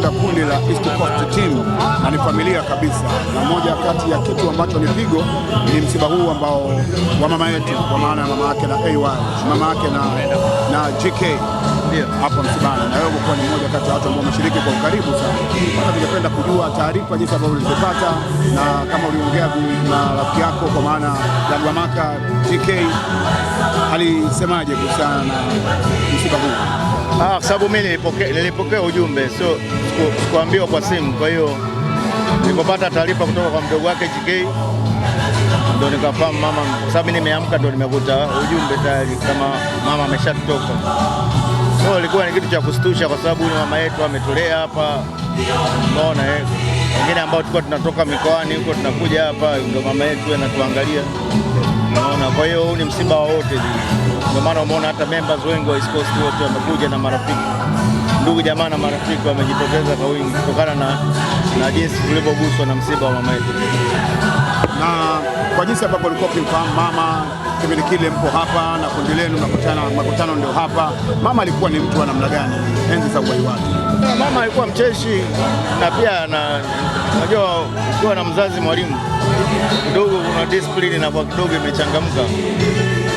katika kundi la East Coast Team na ni familia kabisa, na moja kati ya kitu ambacho ni pigo ni msiba huu ambao wa mama yetu, kwa maana ya mama yake na AY mama yake na, na JK hapo msibani, na yeye kwa ni mmoja kati ya watu ambao wameshiriki kwa ukaribu sana. Sasa tungependa kujua taarifa jinsi ambavyo ulizopata na kama uliongea na rafiki yako kwa maana ya Gwamaka JK alisemaje kuhusiana na msiba huu? Ah, kwa sababu mimi nilipokea ujumbe sio sikuambiwa kwa simu, kwa hiyo nilipopata taarifa kutoka kwa mdogo wake JK ndo nikafahamu mama, kwa sababu nimeamka ndo nimekuta ujumbe tayari kama mama ameshatoka. hiyo ilikuwa ni kitu cha kustusha kwa sababu ni mama yetu ametulea hapa, unaona eh wengine ambao tulikuwa tunatoka mikoani huko tunakuja hapa, ndio mama yetu anatuangalia, unaona. Kwa hiyo huu ni msiba wa wote, ndio maana umeona hata members wengi wa East Coast wote wamekuja na marafiki, ndugu jamaa na marafiki wamejitokeza kwa wingi kutokana na, na jinsi tulivyoguswa na msiba wa mama yetu na kwa jinsi ambavyo walikuwa kimfahamu mama kipindi kile mpo hapa na kundi lenu mnakutana, makutano ndio hapa. Mama alikuwa ni mtu wa namna gani enzi za uhai wake? Mama alikuwa mcheshi na pia na unajua ukiwa na mzazi mwalimu kidogo kuna discipline na kwa kidogo imechangamka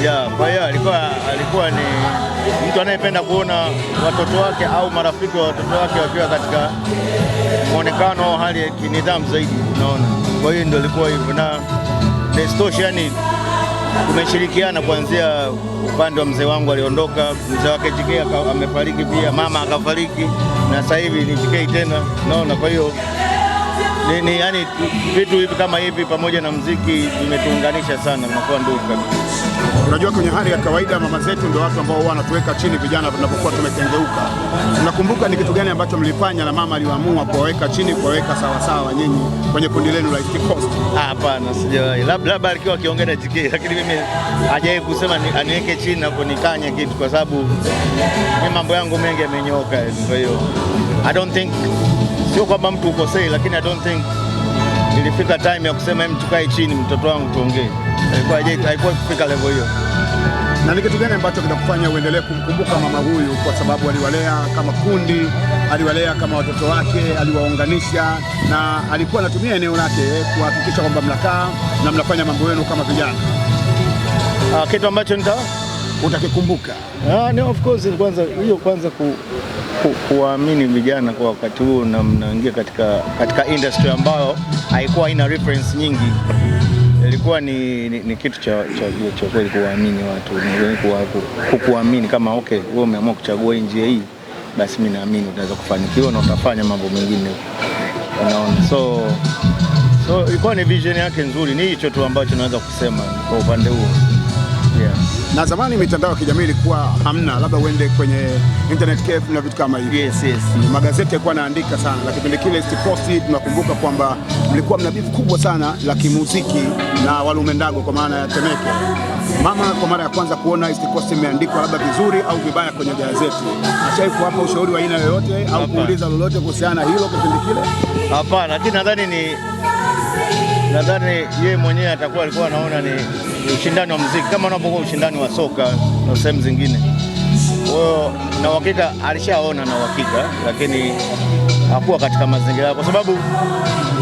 ya. Kwa hiyo alikuwa alikuwa ni mtu anayependa kuona watoto wake au marafiki wa watoto wake wakiwa katika muonekano au hali ya kinidhamu zaidi, unaona. Kwa hiyo ndio alikuwa hivyo na desitoshe yani tumeshirikiana kuanzia upande wa mzee wangu aliondoka, mzee wake JK amefariki pia, mama akafariki, na sasa hivi ni JK tena, naona kwa hiyo ni, ni yani vitu hivi kama hivi pamoja na mziki vimetuunganisha sana, tunakuwa ndugu kabisa. Unajua, kwenye hali ya kawaida mama zetu ndio watu ambao wanatuweka chini vijana tunapokuwa tumetengeuka. Unakumbuka ni kitu gani ambacho mlifanya na mama aliwaamua kuwaweka chini, kuwaweka sawasawa nyinyi kwenye kundi lenu la East Coast? Ah, hapana, sijawahi, labda alikuwa akiongea na JK, lakini mimi hajawahi kusema ni, aniweke chini na kunikanya kitu, kwa sababu mimi mambo yangu mengi yamenyoka, kwa hiyo I don't think sio kwamba mtu ukosei, lakini I don't think ilifika time ya kusema hem, tukae chini mtoto wangu tuongee. Haikuwa kufika level hiyo. Na ni kitu gani ambacho kinakufanya uendelee kumkumbuka mama huyu? Kwa sababu aliwalea kama kundi, aliwalea kama watoto wake, aliwaunganisha na alikuwa anatumia eneo lake eh, kuhakikisha kwamba mnakaa na mnafanya mambo yenu kama vijana. Ah, kitu ambacho nita utakikumbuka, ah, no, of course, kwanza hiyo kwanza ku kuwaamini vijana kwa wakati huu na mnaingia katika, katika industry ambayo haikuwa ina reference nyingi, ilikuwa ni, ni, ni kitu cha cha kweli kuwaamini watu kukuamini kama okay, wewe umeamua kuchagua njia hii, basi mimi naamini utaweza kufanikiwa na utafanya mambo mengine, unaona so so ilikuwa ni vision yake nzuri. Ni hicho tu ambacho tunaweza kusema kwa upande huo yeah na zamani mitandao ya kijamii ilikuwa hamna, labda uende kwenye internet cafe na vitu kama hivyo. Yes, yes. Magazeti yalikuwa naandika sana, lakini kipindi kile East Coast tunakumbuka kwamba mlikuwa mna bifu kubwa sana la kimuziki na Walume Ndago kwa maana ya Temeke. Mama kwa mara ya kwanza kuona East Coast imeandikwa labda vizuri au vibaya kwenye gazeti, ashaifu hapa ushauri wa aina yoyote au kuuliza lolote kuhusiana na hilo kipindi kile? Hapana, lakini nadhani ni nadhani yeye mwenyewe atakuwa alikuwa anaona ni ushindani wa muziki kama unapokuwa ushindani wa soka na sehemu zingine. Kwa hiyo na uhakika alishaona na uhakika, lakini hakuwa katika mazingira, kwa sababu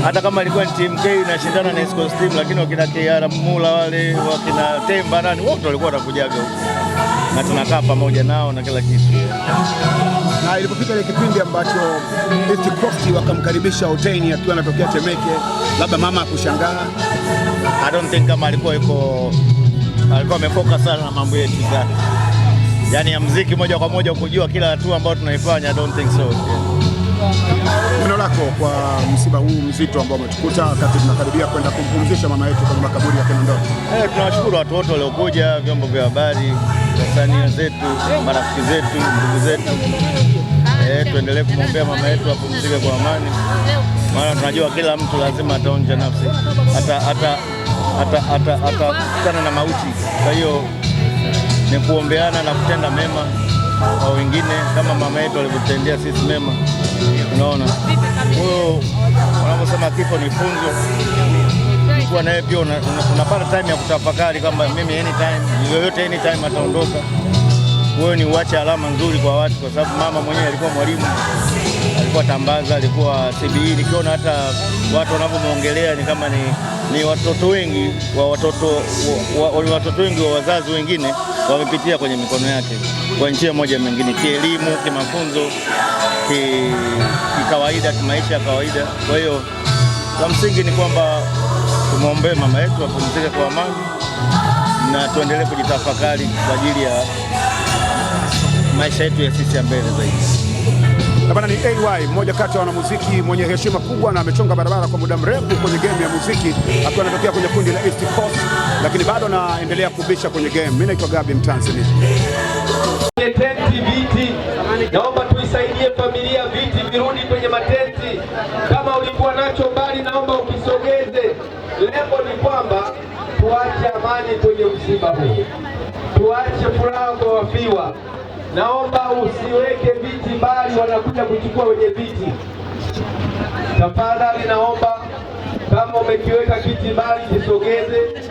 hata kama ilikuwa ni TMK inashindana na Esco team, lakini wakina KR Mula wale wakina Temba nani wote walikuwa wanakujaga huko na tunakaa pamoja nao na kila kitu. Na ilipofika ile kipindi ambacho East Coast wakamkaribisha Oteni akiwa anatokea Temeke, labda mama akushangaa I don't think kama alikuwa yuko alikuwa amefoka sana na mambo yetu sana, yaani ya muziki moja kwa moja, kujua kila hatua ambayo tunaifanya. I don't think so Neno lako kwa msiba huu mzito ambao umetukuta wakati tunakaribia kwenda kumpumzisha mama yetu kwenye makaburi ya Kinondoni? Eh, tunawashukuru watu wote waliokuja, vyombo vya habari, wasanii zetu marafiki zetu, ndugu zetu eh, tuendelee kumwombea mama yetu apumzike kwa amani, maana tunajua kila mtu lazima ataonja nafsi, atakutana na mauti. Kwa hiyo ni kuombeana na kutenda mema kwa wengine kama mama yetu alivyotendea sisi mema. Unaona, huyo wanaposema kifo ni funzo kwa naye pia unapata una, una time ya kutafakari kama mimi anytime yoyote anytime ataondoka wewe ni uache alama nzuri kwa watu, kwa sababu mama mwenyewe alikuwa mwalimu, alikuwa tambaza, alikuwa CBE. Nikiona hata watu wanavyomwongelea ni kama ni, ni watoto wengi wa watoto wa, wa, wa, watoto wengi wa wazazi wengine wamepitia kwenye mikono yake kwa njia moja mingine kielimu, kimafunzo, kikawaida, kimaisha ya kawaida. Kwa hiyo la msingi ni kwamba tumwombee mama yetu apumzike kwa amani na tuendelee kujitafakari kwa ajili ya maisha yetu ya sisi ya mbele zaidi. Bana ni AY mmoja kati ya wanamuziki mwenye heshima kubwa na amechonga barabara kwa muda mrefu kwenye game ya muziki, akiwa anatokea kwenye kundi la East Coast, lakini bado anaendelea kubisha kwenye game. Mimi naitwa Gabi Mtanzania. Tenti viti, naomba tuisaidie familia viti virudi kwenye matenti. Kama ulikuwa nacho mbali, naomba ukisogeze. Lengo ni kwamba tuache amani kwenye msiba huu, tuache furaha kwa wafiwa naomba usiweke viti bali wanakuja kuchukua wenye viti. Tafadhali naomba kama umekiweka kiti bali jisogeze.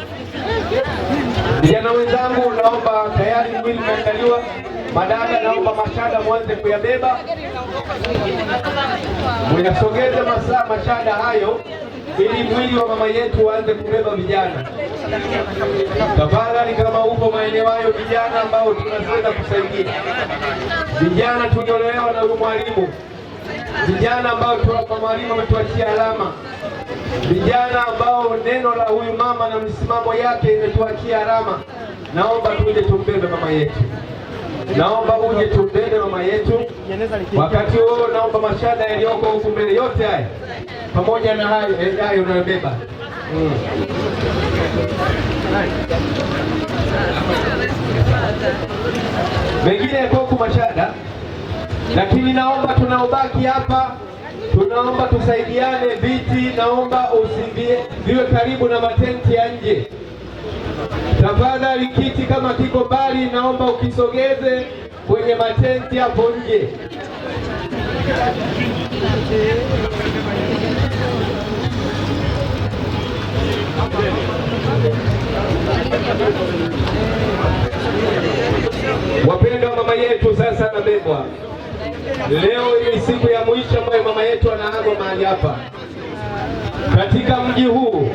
Vijana wenzangu, naomba tayari mwili umeandaliwa. Madada, naomba mashada mwanze kuyabeba, muyasogeze masaa mashada hayo ili mwili wa mama yetu uanze kubeba vijana. Tafadhali, kama upo maeneo hayo, vijana ambao tunaweza kusaidia, vijana tuliolewa na huyu mwalimu, vijana ambao kwa mwalimu ametuachia alama, vijana ambao neno la huyu mama na misimamo yake imetuachia alama. Naomba tuje tumbebe mama yetu. Naomba uje tumbele mama yetu. Wakati huo naomba mashada yaliyoko huku mbele yote haya pamoja na hayo eh, hayo unayobeba mm. mengine yako mashada, lakini naomba tunaobaki hapa tunaomba tusaidiane viti, naomba viwe karibu na matenti ya nje. Tafadhali kiti kama kiko mbali, naomba ukisogeze kwenye matenti hapo nje. Wapendwa mama yetu sasa anabebwa. Leo ni siku ya mwisho ambayo mama yetu anaagwa mahali hapa katika mji huu,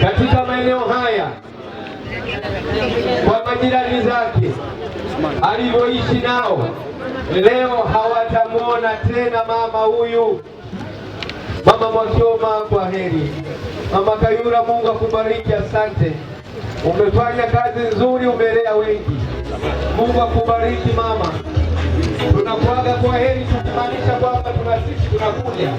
katika maeneo haya kwa majirani zake alivyoishi nao. Leo hawatamwona tena mama huyu, mama Mwakioma, kwa heri. Mama Kayura, Mungu akubariki, asante. Umefanya kazi nzuri, umelea wengi. Mungu akubariki mama. Tunakuaga kwa heri, tukimaanisha kwamba tuna sisi tunakuja.